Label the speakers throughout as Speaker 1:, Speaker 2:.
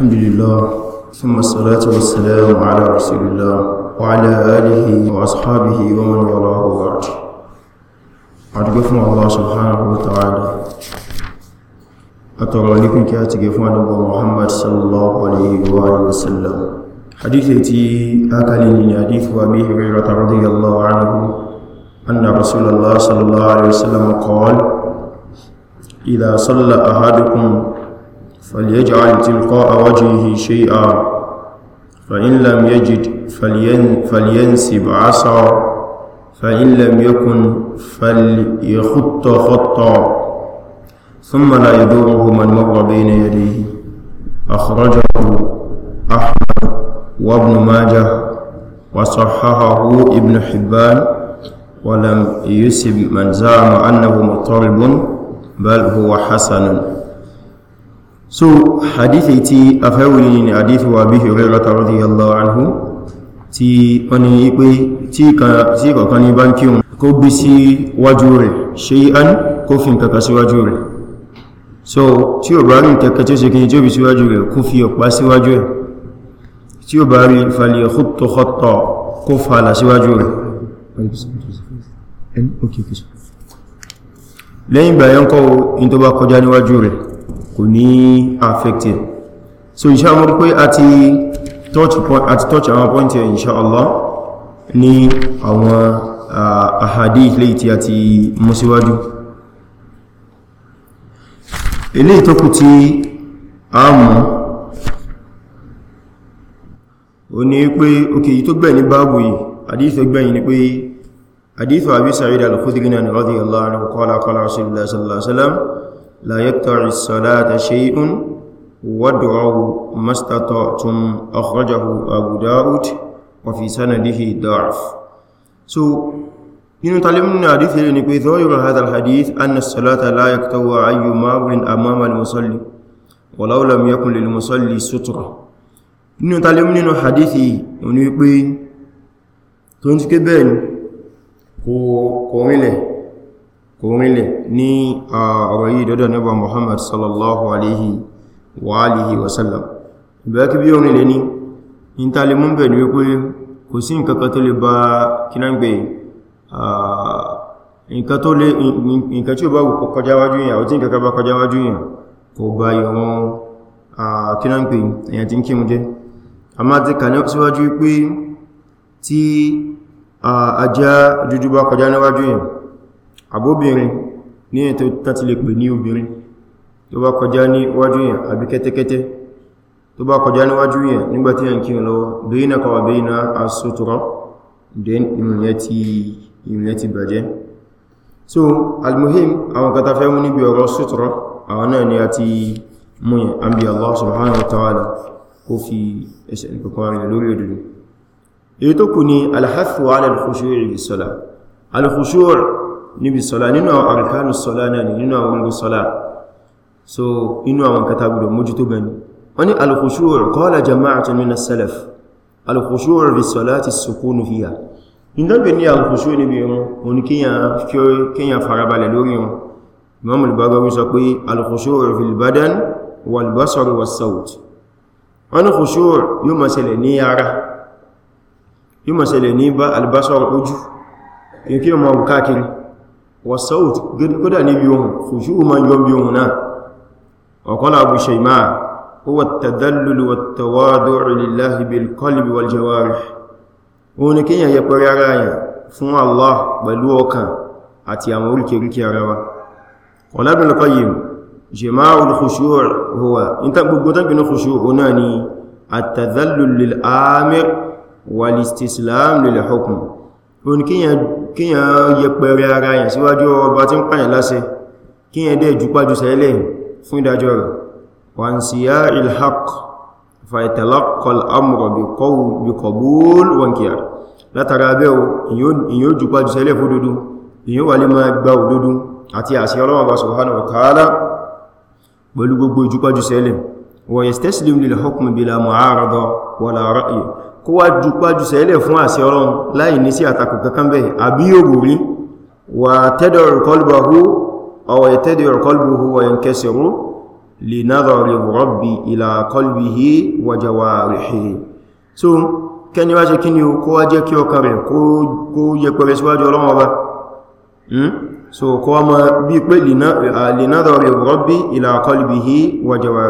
Speaker 1: الحمد لله ثم الصلاة والسلام على رسول الله وعلى آله وأصحابه ومن والاه بعد أتقفنا الله سبحانه وتعالى أترى لكم كي أتقفنا نبو محمد صلى الله عليه وآله وسلم حديثتي من حديث أبي هريرة رضي الله عنه أن رسول الله صلى الله عليه وسلم قال إذا صلى أحدكم فليجعل تلقاء وجهه شيئا فإن لم يجد فلين فلينسب عصا فإن لم يكن فليخط خطا ثم لا يدوره من مر بين يديه أخرجه أحمد وابن ماجه وصححه ابن حبان ولم يسب من زعم أنه مضطرب بل هو حسن so hadithi tí a fẹ́ wò ní hadithi wa Abi Hurairah radhiyallahu anhu tí wọ́n ní pé tí kọ̀kan ní bá ń kírun kó gbé sí wájú rẹ̀ shay'an kó fi nǹkan síwájú rẹ̀ so tí ó bá rí nǹkan kan tí ó ṣe kí tí ó fi síwájú rẹ̀ kó fi ọ̀pá síwájú rẹ̀ tí ó bá rí kò ní affected. ẹ̀ so inshallah pé àti touch touch àwọn point ẹ̀ inshallah ní àwọn ahadith lè tí a ti mú síwájú ilé ìtọ́kù tí a o ní pé òkè yìí tó gbẹ̀ ní báàbù yìí àdífẹ́ gbẹ̀yìn ni pé àdífẹ́ àbí sa'id al-khudri náà ni radiyallahu anhu qala qala sallallahu alaihi wasallam لا يقطع الصلاة شيء وادعوا ما استطعتم أخرجه أبو داود وفي سنده ضعف so nínú talimin hadith yìí ni pé zahiru hadha alhadith anna as-salata la yaktawa ayyu ma'rin amama al-musalli walau lam yakun lil musalli sutra nínú talimin nínú hadith oni pé tó ń ke bẹ́ẹ̀ ko ko rinlẹ̀ kò rinlẹ̀ ní ọ̀rọ̀ yìí dọ́dọ̀ nẹ́bà Muhammad sallallahu alaihi wa alihi wasallam ìbẹ̀ẹ́kì bí orin lè ní ìntàlẹ̀ mú bẹ̀ ní wípé kò sí nǹkan tó lè bá kínáǹgbẹ̀ nǹkan tí ó bá kọjá wájú yàn àwọ́tí nǹkan bá kọjá wájú yàn kò bá ìwọ̀n kínáǹgbẹ̀ àbóbìnrin ní ètò tàti lè pè ní obìnrin tó bá kọjá ní wájú yẹn àbí kẹ́tẹ́kẹ́tẹ́ tó bá kọjá ní wájú yẹn nígbàtí yẹn kí lọ bèyìn kọwà bèyìn asótọ́rọ̀ den ìrìnlẹ̀ bàjẹ́ so almuhim àwọn kata fẹ́ mú níbi ọ̀rọ̀ sótọ́rọ̀ àwọn náà ni a ti mú yẹn an bí Allah subhanahu wa ta'ala kó fi ẹsẹ̀ níbi sọ́lá nínú àwọn àrìkánù sọ́lá náà ni nínú àwọn ogun sọ́lá so inú àwọn kata gbọdọ̀ mójútó gani wọ́n ni al-khushu' qala jama'atun min as-salaf al-khushu' fi salati as-sukunu fiha ìdọ́gbẹ̀ ní al-khushu' níbi wọn wọn ni kíyàn farabalẹ̀ lórí wọn imam al-Baghawi sọ pé al-khushu' fil badan wal-basar was-sawt wasaut kódà níbi ohun khushu' ma yọ bí ohun náà ọ̀kọ́lá Abu Shaymaa huwa at-tadallul wat-tawadu' lillahi bil-qalbi wal-jawarih òun ni kíyàn yẹ pẹ̀rẹ̀ ara yẹn fún Allah pẹ̀lú ọkàn àti àwọn oríkèríkè ara wa qala o ní kíyàn yẹpẹrẹ ara yẹn síwájú ọba tí ń pàyàn láṣẹ kíyàn dẹ̀ jùpájú sẹ́lẹ̀ fún ìdájọ́ rẹ̀ wọ́n sí yá ilhaq fàìtàlákọl amúrọ̀ bí kọbúl wọn kíyà látara abẹ́ o ìyó jùpájú kó wá jù pájú sẹ́lẹ̀ fún àṣẹ ọlọ́run láì ní sí àtakò kankan bẹ́ẹ̀ àbí yóò rí wà tẹ́dọ̀ rẹ̀kọ́lùbọ̀hú ọwọ̀ ìtẹ́dọ̀ rẹ̀kọ́lùbọ̀hú wà yẹn kẹsìrú lè náà rẹ̀ rọ̀bì ìlà kọlùbìhí wàjàwà rẹ̀ so kẹni wá ṣe hmm? so kó wá mọ́ bí pé lè náà rẹ̀ rọ̀bì ìlà kọlùbìhí wàjàwà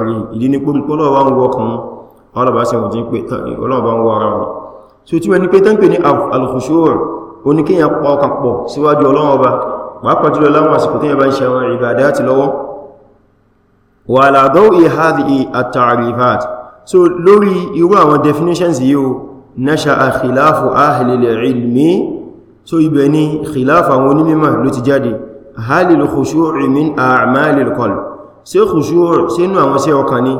Speaker 1: ọlọ́bàá sí wọ́n jí pé ọlọ́bàá ń wọ ara wọn so tí wọ́n ní pé tán pè ní al-khushu' oníkíyàn pa ọkàn pọ̀ síwájú ọlọ́run ọba pàápàá so lórí irú àwọn definitions yìí o nasha'a khilafu so ibẹ̀ ni khilafu àwọn onímọ̀ ló min a'malil qalb sí khushu' sínú àwọn sí ọkàn ni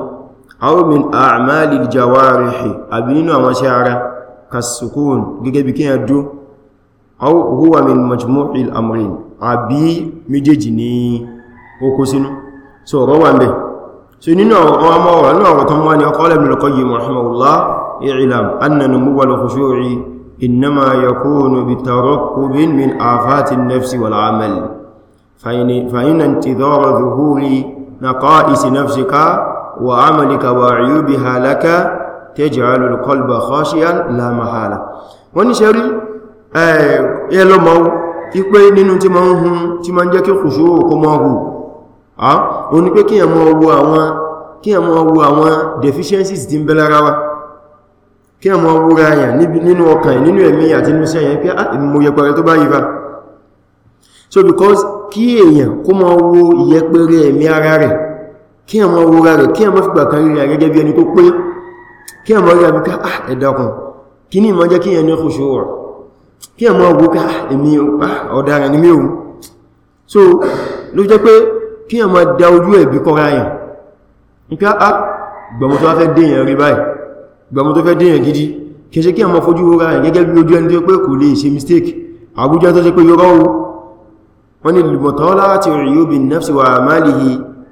Speaker 1: aw min a'mali al-jawarihi àbí nínú àwọn iṣẹ́ ara kasukun gẹ́gẹ́ bí kíyàn dú aw huwa min majmu'il amrin àbí méjèèjì ní oko sínú so ọ̀rọ̀ wà mẹ́ so nínú àwọn ọmọ ọ̀rọ̀ nínú àwọn tán wá ní qala Ibn al-Qayyim rahimahullah i'lam anna وعملك وعيوبها لك تجعل القلب خاشيا لا محالة wọ́n ní ṣẹ́rí ẹlọ́mọ́ ipé nínú tí ma ń hun tí ma ń jẹ́ kí kùsù òkú mọ́ hù o ní pé kíyàn mọ́ wo àwọn kíyàn mọ́ wo àwọn deficiencies tí ń bẹ lára wa kíyàn mọ́ wo ra yà nínú ọkàn nínú ẹ̀mí àti nínú sẹ́yàn ah, mo yẹpẹrẹ tó bá yí bá so because kí èèyàn kó mọ́ wo ìyẹpẹrẹ ẹ̀mí ara rẹ̀ kí a mọ́ wúra rẹ̀ kí a mọ́ fìgbà kan rírà gẹ́gẹ́ bí ẹni tó pé kí a mọ́ rí àbíká ah, ẹ̀dàkùn kí ní ìmọ́ jẹ́ kí ẹni ọkùnṣù rọ̀ kí a mọ́ wúká ah, èmi ah, ọ̀daràn ní mẹ́rún so ló jẹ́ pé kí a mọ́ da ojú ẹ̀bí kọ́ra yẹn nípa á gbọmọ tó fẹ́ dèyàn rí báyìí gbọmọ tó fẹ́ dèyàn gidi kì í ṣe kí a mọ́ fojú wúra yẹn gẹ́gẹ́ bí ojú ẹni tó pé kò lè ṣe mistake àbújá tó ṣe pé yọrọ wọ́n ni lùmọ̀tọ́ láti rìn yóò bí nafsi wa máàlìhì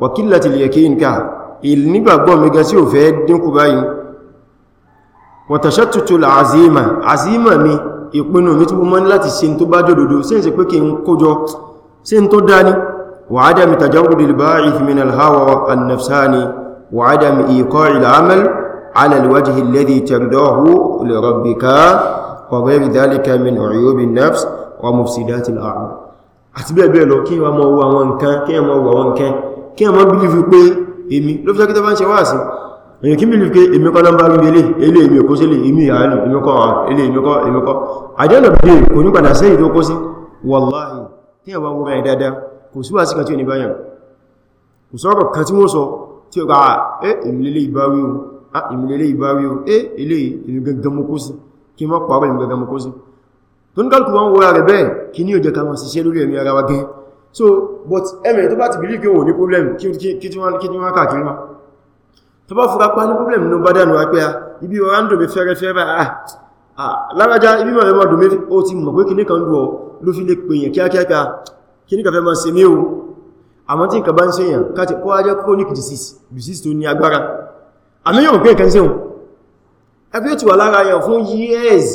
Speaker 1: wa qillatil yakin ká ìnígbàgbọ́ mẹ́gá sí ò fẹ́ dínkù báyìí wa tashattutul azima azima mi ìpinnu mi tí mo mọ́ láti ṣe tó bá jòdòdó sí ìsẹ̀ pé kí n kójọ sí tó dání wa adam tajawudil àti bẹ́ẹ̀ bẹ́ẹ̀ lọ kí wọ́n mọ̀ wọ́n nǹkan kí wọ́n mọ̀ wọ́n nǹkan kí a mọ́ bílífù pé èmi ló fi sọ́kítọ́ bá ń ṣe wá sí èyàn kí bílífù pé èmi kọ́ lọ́mbà rí ilé ilé èmi òkó sílé èmi àánú èmi kọ́ ilé èmi kọ́ èmi kọ́ àjọ́nà bí kò ní padà sẹ́yìn tó kó sí wàláhì tí a bá wúra ẹ̀ dáadáa kò sí wá sí kan tí ò ní báyàn kò sọ́rọ̀ kan tí wọ́n sọ tí ó gba ẹ́ ah, ìmìlélé eh, ìbáwí o ìmìlélé ah, ìbáwí o ẹ́ ilé ìlú gangan mú kó sí kí mọ́ pàápàá ìlú gangan mú kó sí tó ń kálùkù wọn wọ́ra rẹ̀ bẹ́ẹ̀ kí ní ò jẹ́ ká wọn ṣiṣẹ́ so but ẹmẹ̀ tó bá ti believe pé wọ́n ní problem kí tí wọ́n káàkiri wá tó bá fura pa ní problem ní bá dánù wápé a ah, ibi ọ̀rá ń dòmí fẹ́rẹ́fẹ́ bá a ah, ah, lárájá ibi mọ̀ ẹmọ́ dòmí ó ti mọ̀ pé kí ní kan dùọ ló fi lè pèèyàn kíákíákà kí ní kàfẹ́ máa ṣe mí o àmọ́ tí nǹkan bá ń ṣèyàn káti kó ajẹ́ chronic disease disease tó ní agbára àmì yóò pé nǹkan ṣeun ẹgbẹ́ tí wà lára yàn fún years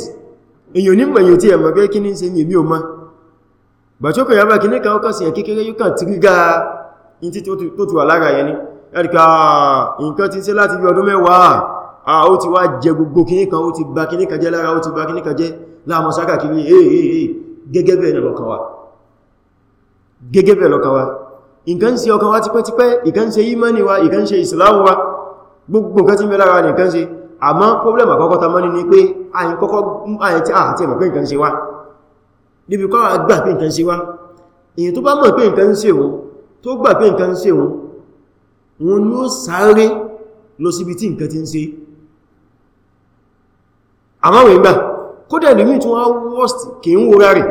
Speaker 1: èyàn onímọ̀ èyàn tí ẹ̀mọ̀ pé kí ní ṣe ní èmi ò máa bàtí ó kẹ̀yà bá kì ní ká ọkà sí ẹ̀ kékeré yíkà tí gíga in tí tó ti wà lára yẹn ni ẹ̀ríkà nǹkan ti ṣe láti bí ọdún mẹ́wàá a ó ti wá jẹ gbogbo kìní kan ó ti bá kìní kan jẹ́ lára ó ti bá kìní kan jẹ́ láàmọ́sáka kiri èèyàn gẹ́gẹ́ wa gẹ́gẹ́ bẹ́ẹ̀ wa nǹkan ṣe ọkàn wa tipẹ́tipẹ́ ìkan ṣe ìmánì ni pé àyíkọ́kọ́ àyíkọ́ àti ẹ̀mọ̀ pé nǹkan wa níbi kọ́ àgbà pé nǹkan ṣe wá èyàn tó bá mọ̀ pé nǹkan ṣe wọn tó gbà pé nǹkan ṣe wọn wọn ni ó sáré lọ síbi tí nǹkan ti ń ṣe àmáwẹ̀ ìgbà kódà lèmí tí wọ́n worst kì ń wúra rẹ̀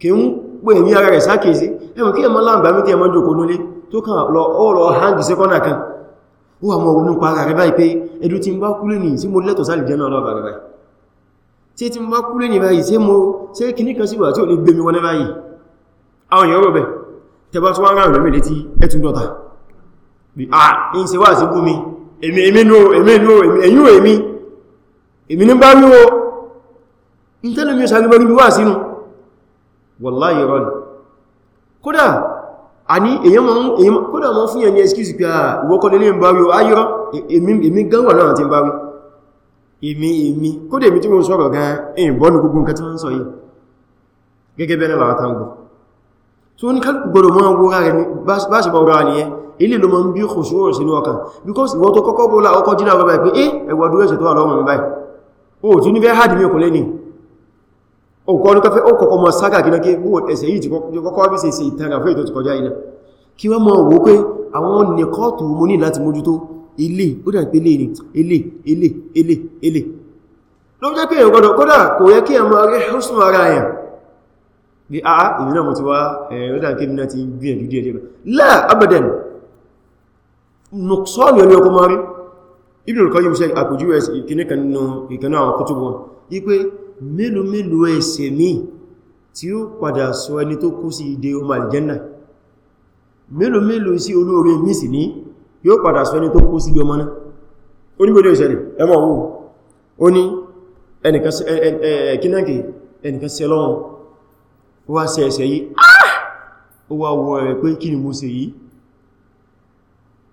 Speaker 1: kì ń pè ní ara rẹ̀ sákèsí ẹmọ̀ kí ẹmọ́ láàgbà mí kí ẹmọ́ jòkó nílé tó kàn lọ ọ̀rọ̀ hangi sẹ́kọ́nà kan ó àmọ̀ òun nípa ara rẹ̀ báyìí pé ẹdú ti ń bá kúlé nìyí sí mo lẹ́tọ̀ sáàlì jẹ́ náà lọ́bàá rẹ̀ báyìí tí tí wá kúlé ní báyìí tí mo ṣe kìní kan síwà tí ò ní gbé mi wọlé báyìí àwọn èèyàn rọ̀bẹ̀ tẹba tó wọ́n ráàrùn mẹ́lẹ̀ tí ẹtùn dọ́ta bí a ń ṣe wà sí bú mi èmi èmi nò èmi nò ẹ̀yìn èmi èmi ní bá mi o ń tẹ́lẹ̀ mi sáré bọ́rí wà sínú wallahi rọ́nì kódà a ní èyàn mọ́ fún yẹn ní excuse pé à ìwọ́kọ́ lélẹ́ ń bá wí o ayọ́rọ́ èmi gan wà náà ti ń bá wí èmi èmi kó dèmi tí mo ń sọ̀rọ̀ gan ẹ̀yìn bọ́nu gbogbo nǹkan tí wọ́n ń sọ yìí gẹ́gẹ́ bẹ́ẹ̀ lára tango tí ó ní kálùkù gbọdọ̀ mọ́ wúra rẹ̀ bá ṣe bá wúra nìyẹn ilé ló mọ́ ń bí kòṣòrò sínú ọkàn because ìwọ́n tó kọ́kọ́ bó láọkọ́ jí láwọ́ báyìí pé eh ẹwà dúró ṣe tó wà lọ́rùn báyìí o tí ní o kọ́ ní kọfẹ́ ó kọ́kọ́ mọ́ sága kí náà bó ẹsẹ̀ yìí ti kọ́kọ́ bí ṣe ìtara fẹ́ ìtò ti kọjá iná kí wọ́n mọ́ wó pé àwọn nìkọ́ọ̀tù mo ilé ó dà pé ilé ni ilé ilé ilé ilé ló jẹ́ pé ìrọ̀gbọ́dọ̀ kódà kò yẹ kí ẹmọ rí húsùn ara ẹ̀ bí a ìrìn náà mo ti wá ẹ̀rọ̀dà kí mi náà ti gbìyànjú díẹ̀ díẹ̀ láà abadan nùsọ́ọ̀lù ẹni ọkọ̀ mọ́rí Ibn al-Qayyim ṣe àpòjú ìkìníkan nínú ìkànnà àwọn kútùbù wọn wípé mélòó mélòó sí ìdè ọmọ ní yóò padà sọ ẹni tó kó sí ibi ọmọ náà onígbòdó ìṣẹ̀lẹ̀ ẹmọ̀ owó ó ní kínáàkì ẹnìkan sí ẹlọ́run ó wá sí ẹsẹ̀ yìí ah! ó wá wọ rẹ̀ pé kí ni mo ṣe yìí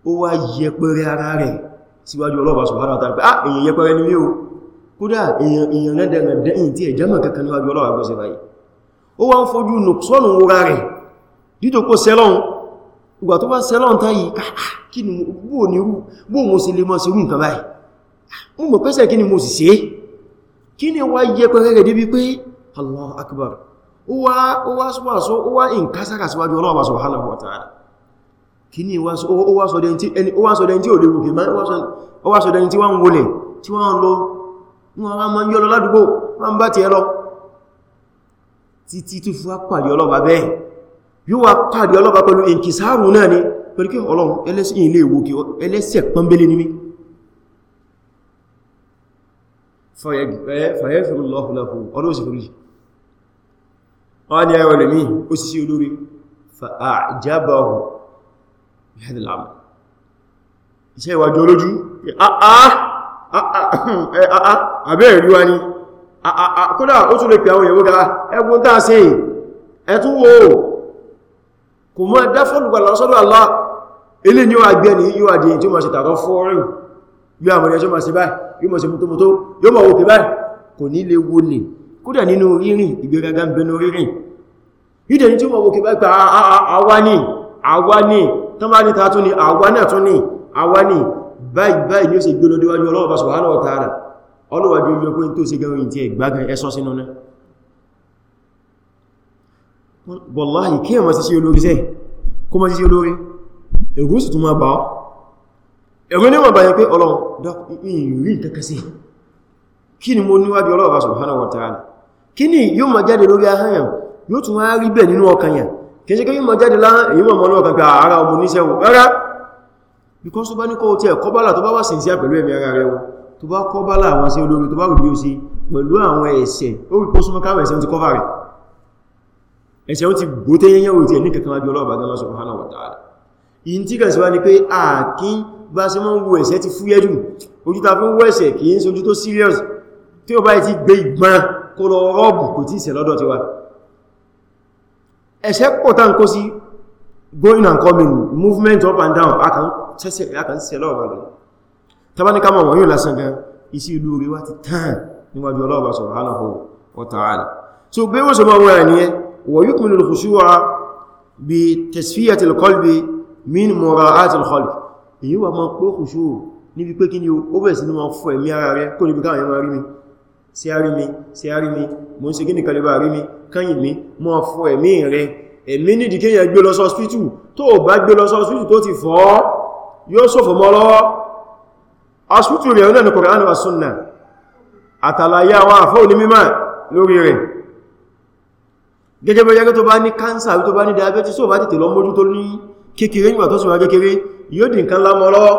Speaker 1: ó wá yẹpẹrẹ ara rẹ̀ síwájú ọlọ́ọ̀bá subhanahu ah èyàn ni yóò kódà èyàn lẹ́dẹ̀rẹ̀ dẹ́yìn tí ẹ̀jẹ́mọ̀ kankan níwájú ọlọ́ọ̀bá gbọ́sẹ̀ báyìí ó wá ń fojú nùsọ́nù wúra ìgbà tó bá sẹ́lọ́n táyì ah, ah, kí ni bóò ní rú bóò mo sì lè mọ́ sí rú nǹkan báyìí ah, mú mọ̀ pẹ́sẹ̀ kí ni mo sì ṣe kí ni wá yẹ pẹ́rẹ́rẹ́ débi pé Allahu Akbar ó wá ó wá in kására síwájú Ọlọ́run yóò wá pàdé ọlọ́pàá pẹ̀lú ìkìsáàrù náà ni pẹ̀lú kí ọlọ́run ẹlẹ́sìn ilé ìwòkè ẹlẹ́sẹ̀ pọ́nbélé ní mí fọ́yẹ̀gbẹ̀ẹ́ kódà ó tún lè pẹ̀ àwọn ìyẹ̀wó gara ẹgbùn tàà sí ẹ̀tún wo kò mọ́ dáfọ́lùgbà lọ́sọ́dọ̀ Allah ilé ni ó àgbẹ́ ní yíò àdìyàn tí ó máa ṣe tààrọ fọ́ọ̀rùn yóò àmọ́ ẹjọ́ máa ṣe báyìí yóò máa ṣe mútómútó yóò máa wòkè báyìí kò ní lè wo lè kódà nínú rírìn ìgbéraga ń bẹnu rírìn yíò ní tí ó máa wòkè báyìí pa ah, ah, ah, àwa ní àwa ní tán bá ní ta tún ní àwa náà tún ní àwa ní báyìí báyìí ni ó ṣe gbé lọ déwájú Ọlọ́run subhanahu wa ta'ala ọlọ́wàjú ojú ọkùnrin tó ṣe gan-an ìtì ẹ̀gbágan ẹ̀sọ́ sínú náà wọ́láhì kí ẹ̀mọ̀ sí sí olórí sẹ́ kó mọ́ sí sí olórí ẹ̀rù sì tún máa bá ọ́ ẹ̀rù ní wọ́n báyẹ̀ pé ọlọ́run rí kẹ́kẹ́ sí kí ni mo níwájú ọlọ́run subhanahu wa ta'ala kí ni yóò máa jáde lórí ahọ́n yóò tún wá rí bẹ̀ nínú ọkàn yẹn kì í ṣe kí yóò máa jáde láhán èyí mọ̀ mọ́nà ọkàn pé ah, ara ọmọ oníṣẹ́ wò rárá bíkọ́ tó bá ní kọ́ ti ẹ̀ kọ́bálà tó bá wà sínsí pẹ̀lú ẹ̀mí ara rẹ̀ tó bá kọ́bálà àwọn sí olórí tó bá rò bí ó sí pẹ̀lú àwọn ẹ̀ṣẹ̀ ó rí pósúnmọ́ káwẹ̀ ẹ̀ṣẹ̀ ti kọ́bà rẹ̀ ẹ̀ṣẹ̀ ó ti gbóté yẹnyẹ́ òtí ẹ̀ ní kankan wájú ọlọ́ọ̀bá gan lọ́sọ̀ ọ̀hánà wọ̀tàrà yìí tí kàṣíwá ni pé àkín bá ṣe mọ́ wo ẹ̀ṣẹ̀ ti fúyẹ́ jù ojú ta fún wẹ́ṣẹ̀ kì í sojú tó serious tí ó bá ti gbé ìgbọ́n kó lọ rọ́ọ̀bù kò tí ìṣẹ̀ lọ́dọ̀ tiwa ẹ̀ṣẹ̀ going and coming movement up and down akàn ṣẹ̀ṣẹ̀ akàn ṣẹ̀ lọ́ọ̀bá lọ tabani kama wọ̀nyí lásán gan isi ìlú rí wá ti tán níwájú ọlọ́ọ̀bá so gbé wọ́n sọ mọ́ wọ́n ويكمل الخشوع بتسفية القلب من مراعاة الخلق يوا ما pé khushu ní bí pé kíni ó bẹ̀ sí ní máa fọ́ ẹ̀mí ara rẹ̀ kò ní bí káwọn máa rí mi sí ari mi sí ari mi mo ń ṣe kíni kan lè bá rí mi kàyìn mi máa fọ́ ẹ̀mí rẹ̀ ẹ̀mí ni di ke yan gbé lọ hospital tó bá gbé lọ hospital tó ti fọ́ yóò sọ fọ́ mọ́ lọ́wọ́ hospital rẹ̀ na ni Qur'an wa Sunnah atalaya wa fa ni mima lórí rẹ̀ gẹ́gẹ́ bẹ́ yẹ́gẹ́ tó bá ní kánsà tó bá ní diabetes tó bá tètè lọ mójú tó ní kékeré nígbà tó sì wá kékeré yóò dì nǹkan lámọ́ lọ́wọ́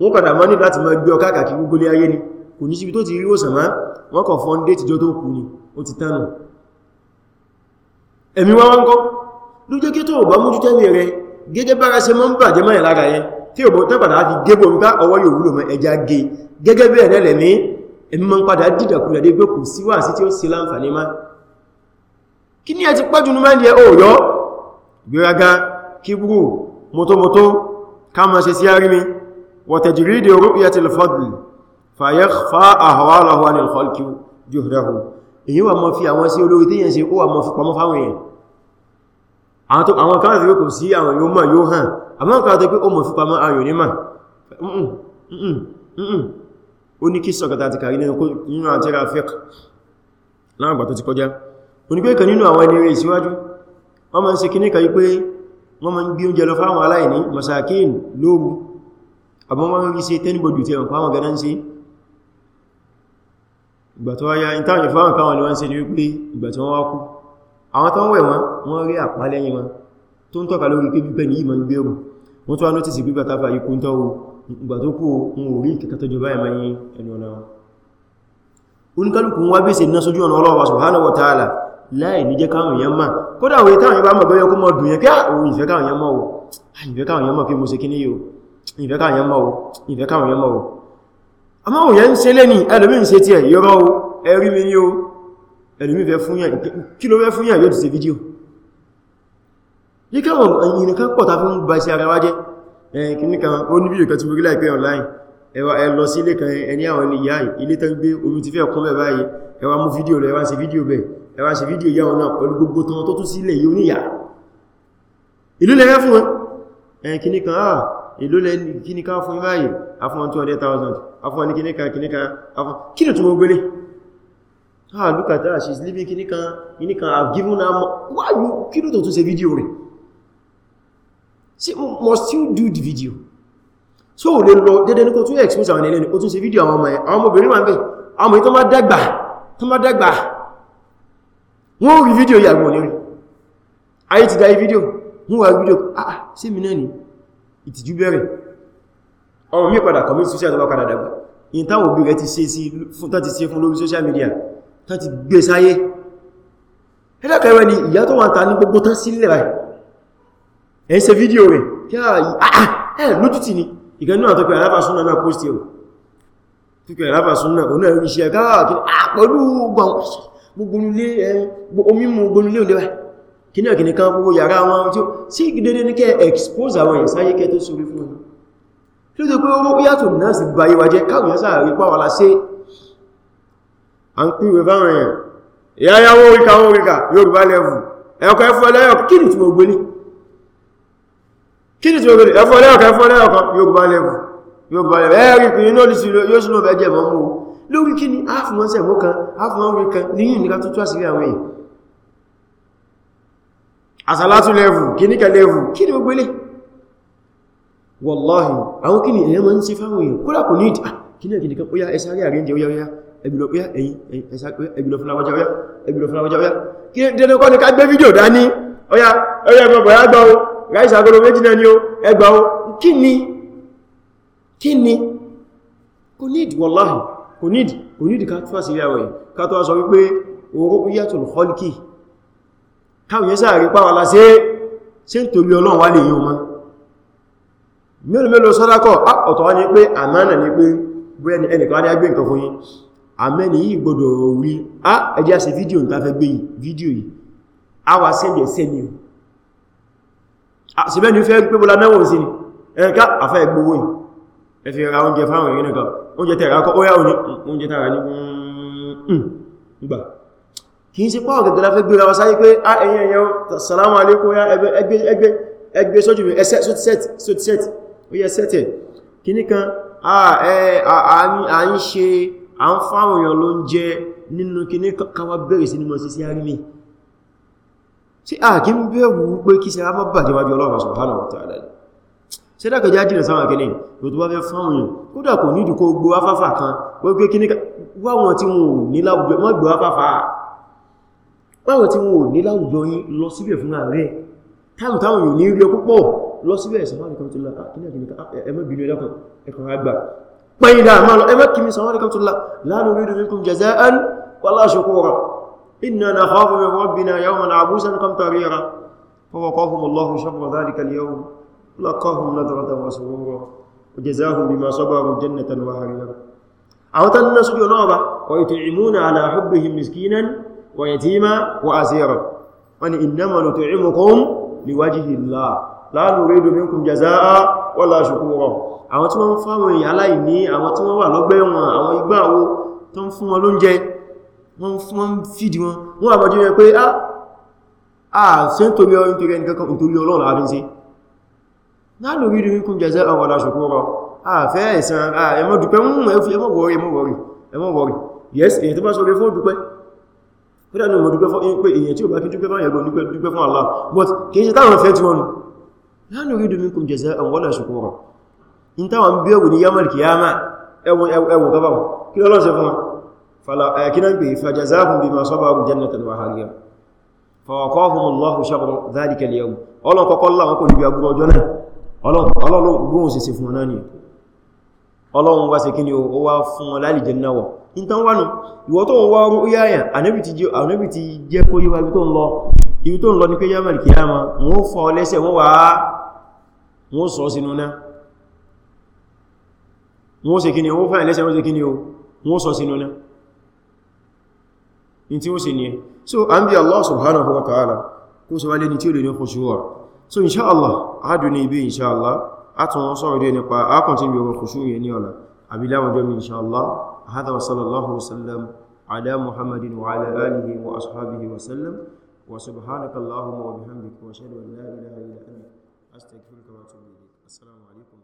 Speaker 1: wọ́n kọ̀dà mọ́ ní láti máa gbé ọ káàkiri gbogbo lé ayé ni kò ní síbi tó ti rí òsàn máa wọ́n kọ̀ fọ́n dé tìjọ tó kù ni ó ti ge gẹ́gẹ́ bẹ́ẹ̀ lẹ́lẹ̀mí ẹ̀mí mọ́ ń padà dìdàkúlẹ̀ dé gbé kù kí ní ẹ ti pẹ́jù ní mẹ́rin òòyọ́ gbéraga kíbrù mọ́tọ́mọ́tọ́ kama ṣe sí arimi wàtàjìrídì ru'yatil fadl fayakhfa ahwalahu 'anil khalqi juhdahu èyí wà mọ́ fi àwọn sí olórí tí yẹn ṣe ó wà mọ́ fi pamọ́ fáwọn èèyàn àwọn kan rí kò sí àwọn yóò mọ̀ yóò hàn àwọn kan tó pé ó mọ̀ fi pamọ́ ayò ní mà ó ní kàrí nínú àti rafik láàgbà ti kọjá onígbé kan nínú àwọn ẹni rẹ̀ ìsíwájú wọ́n ma ń ṣe kíníkà wípé wọ́n ma ń gbí oúnjẹ lọ fáwọn aláìní masakin lóru àbọn wọ́n rí sí tẹ́nibodù tí fáwọn káwọn ni wọ́n ṣe ní wípé ìgbà tí wọ́n wá kú àwọn tó ń wẹ̀ wọn wọ́n rí àpá lẹ́yìn wọn tó ń tọ́ka lórí pé pípẹ́ ní yìí ma ń gbé ọ̀rùn wọ́n tó wá nọ́tìsì pípẹ́ tàbí ikú ń tọ́wọ́ ìgbà tó kú ń orí ìkẹta tó jọba ẹ̀mọ́ yìí ẹnu ọ̀nà wọn oníkálùkù wọn wá bèsè ná sójú ọ̀nà Ọlọ́run subhanahu wa ta'ala láì ní jẹ́ káwọn èèyàn máa kódà òye táwọn èèyàn bá mọ̀ bẹ́yẹ kó mọ̀ dùn yẹn kí àwọn ìfẹ́ káwọn èèyàn mọ̀ wò ah, ìfẹ́ káwọn èèyàn mọ̀ kí mo ṣe kí ní yóò ìfẹ́ káwọn èèyàn mọ̀ wò ìfẹ́ káwọn èèyàn mọ̀ wò àmọ́ òye ń ṣe lẹ́ni ẹlòmí ń ṣe tiẹ̀ yọrọ o ẹrí mi ní o ẹlòmí fẹ́ fún yàn kí ló fẹ́ fún yàn yóò ti online ẹwà ẹ lọ sí ilé kan ẹni àwọn ilé ìyá ilé tán gbé omi ẹ wá mú fídíò lọ ẹ wá ṣe fídíò bẹ́ẹ̀ ẹ wá ṣe fídíò yá ọ̀nà pẹ̀lú gbogbo tán tó tún sílẹ̀ yóò níyà ìlú lẹ́rẹ́ fún ẹn kìní kan ah ìlú lẹ́ kìní kan fún ìmáyì afún 200,000 afún ní kìní kan kìní kan afún kí ni ah look at her she's living kìní kan kìní given her why you kí ló tó tún ṣe fídíò rẹ̀ sí must you do the video so o lè lọ dédé ní kó tún expose àwọn ẹlẹ́ni ó tún ṣe fídíò àwọn ọmọ ẹ̀ àwọn ọmọbìnrin wà ń bẹ̀ àwọn ọmọ ìtọ́ má dàgbà tó má dẹ́gbà wọ́n rí fídíò yàgbò lérí ayé ti dáyé fídíò wọ́n wà fídíò ah sí ah, mi náà ni ìtìjú bẹ̀rẹ̀ ọmọ mi padà commit social tó bá padà dàgbà in táwọn òbí rẹ̀ ti ṣe sí fún tán ti ṣe fún lórí social media tán ti gbé sáyé ẹlẹ́kẹ̀ẹ́rẹ́ ni ìyá tó wà ta ní gbogbo tán sílẹ̀ rẹ̀ ẹ̀ ń ṣe fídíò rẹ̀ kí á ẹ̀ lójútì ni ìgẹ̀nú àtọ́kẹ̀ aláfàṣúnà náà post kíkọ̀ ìráfà súnnà oná rí iṣẹ́ káàkiri àpọ̀lú gbogbonulé omímú gbogbonulé òlẹ́wà kí ní ọ̀kìnì kan gbogbo yàrá wọn tí ó sí ìgbìdédé ní kẹ́ expose àwọn ìsáyé kẹ́ tó sórí fún wọn tí ó tó pé owó yàtò náà sì bá yíwa jẹ́ káwọn yásà rí pàwọ́ lásé à ń pín ìwẹ̀fà àwọn èèyàn ìyáyáwó oríkà wọn oríkà Yorùbá lẹ́fù ẹ̀kọ́ ẹfọ́lẹ́yọ̀ kí ni tí mo gbé ní Yorùbá lẹ́fù yóò bọ̀rẹ̀ ẹ̀rí pé inú olùsí yóò sínú ọ̀fẹ́ jẹ́ mọ́mú lórí kí ni a fún wọn sẹ̀mú kan a fún wọn rí kan ní yìí níka tó tó àsìrí àwọn èèyàn àsàlátù lẹ́vù kíníkà lẹ́vù kí ni gbogbo ilé wallahi àwọn kí ni èyàn máa ń sí fáwọn èèyàn kódà kò ní ìdá ah, kí ni kíníkà ó yá ẹsà rí àríyànjẹ ó yá ó yá ẹgbìlọ pé ẹ̀yìn ẹgbìlọ fún láwájá ó yá ẹgbìlọ fún láwájá ó yá kí ni dẹnu kọ́ ni ká gbé fídíò agolo méjì náà ni ó ẹgbà ó kí kí ni kò nídì wọláhì kò nídì kò nídì ká tó fásí ìyàwó yìí ká tó wá sọ wípé orúkú yàtò lọ́lìkì káwọn yẹn sáàrí pàwà lásé sí ń torí ọlọ́run wá lè yíò mọ́ mélòó mélòó sọ́dákọ̀ ọ̀tọ̀ wá ní pé àmánà ní pé bóyẹni ẹnìkan adé agbé nǹkan fún yín àmẹ́ni yìí gbọdọ̀ wí á ẹjẹ́ sí fídíò ní tafẹ́ gbé yìí fídíò yìí a wà sẹ́lẹ̀ sẹ́ni o síbẹ́ ni fẹ́ gbébọ́lá náwó sí ni ẹ̀ká àfẹ́ gbówó yìí ẹ̀sì ra oúnjẹ fáwọn èèyàn nìkan oúnjẹ tẹ̀rà kọ́ óyá oúnjẹ tààrà hmm, ní gbà kí n sí pọ́ ọ̀gẹ̀gẹ̀ láfẹ́ gbé rawa sáyé pé a ah, ẹ̀yìn ẹ̀yàn salamu alaikum ya ẹgbẹ́ sójú mi ẹsẹ́ sótìsẹ́t oyẹ sẹ́tẹ̀ a a ń fáwọn èèyàn ló ń jẹ nínú kí ní káwà bẹ̀rẹ̀ sí ní mọ̀ mi sí a kí ń bẹ̀rù pé kí sẹ́ra mọ́ bàjẹ́wájú ọlọ́run ṣe dákọ̀ já jìnà sáwọn akẹ́lẹ̀ ló tó bá fẹ́ fáwọn yìí kódà kò ní ìdíkò gbò afáfà kan wọ́n gbé kí wáwọn tí wọn ò ní láwùjọ mọ́ gbò afáfà wáwọn tí wọn ò ní láwùjọ yìí lọ síbẹ̀ fún ààrẹ táwọn táwọn yìí ní rí ọ púpọ̀ lọ síbẹ̀ ìsànwọ́n Fọwọ́kọ́ fún Allah ṣọ́bọ̀ ذلك اليوم لقاهم نظرة وسرورا وجزاهم بما صبروا جنة وحريرا أو تنسوا جنوبا ويطعمون على حبهم مسكينا ويتيما وأسيرا أن إنما نطعمكم لوجه الله لا نريد منكم جزاء ولا شكورا àwọn tí wọ́n ń fáwọn èèyàn aláìní àwọn tí wọ́n wà lọ́gbẹ́ wọn àwọn igbá wo tó ń fún wọn lóúnjẹ wọ́n ń ṣe ń torí ọrún torí ẹnìkankan ìtorí Ọlọ́run àbínsẹ́ láàrín orí ríkún jẹ́ àwọn aláṣòkúrọ̀ àfẹ́ ìsan ẹmọ́ dúpẹ́ mú ẹmọ́ wọ́rí ẹmọ́ wọ́rí ẹmọ́ wọ́rí yes èyí tó bá sọ pé fún dúpẹ́ fẹ́dà ní mọ̀ dúpẹ́ fún pé èyí tí ó bá kí dúpẹ́ fún ẹ̀lọ́ dúpẹ́ fún Allah but kí ṣe táwọn fẹ́ tí wọn láàrín orí ríkún jẹ́ àwọn aláṣòkúrọ̀ in táwọn bí ẹwù ní yamal kiyama ẹwù gaba kí lọ́lọ́ ṣe fún kí náà pè fajazahum bima sabaru jannatan wa hariya fawaqahum Allahu sharra dhalika al-yawm ọlọ́kọ̀ọ́kọ́ láwọn kò níbi agbúrò ọjọ́ náà ọlọ́gbọ́n òsìsì fún ọ̀nà ni ọlọ́run wá sí kí ni ó wá fún ọ láìlì jẹ́nà wọ̀ in tán wà nù ìwọ tó ń wá orú yáyà ànábì ti jẹ́ kó yíwa ibi tó ń lọ ibi tó ń lọ ní pé yámàlì kìí yáma wọ́n fọ́ ọ lẹ́sẹ̀ wọ́n wà á wọ́n sọ sínú náà wọ́n ṣe kí ni wọ́n fáyẹ̀ lẹ́sẹ̀ wọ́n ṣe kí ni wọ́n sọ sínú náà in tí ó ṣe ni Allah subhanahu wa ta'ala kó sọ wá lẹ́ni tí ó lè ní so Allah adu ni bi Allah atun wọ́n sọ ide nípa a continue go khushu yẹn ní ọ̀la abi lawo jo mi Allah hada wa sallallahu alaihi wasallam ala muhammadin wa ala alihi wa ashabihi wa sallam wa subhanakallahumma wa bihamdika wa ashhadu an la ilaha illa anta astaghfiruka wa atubu ilayk assalamu alaikum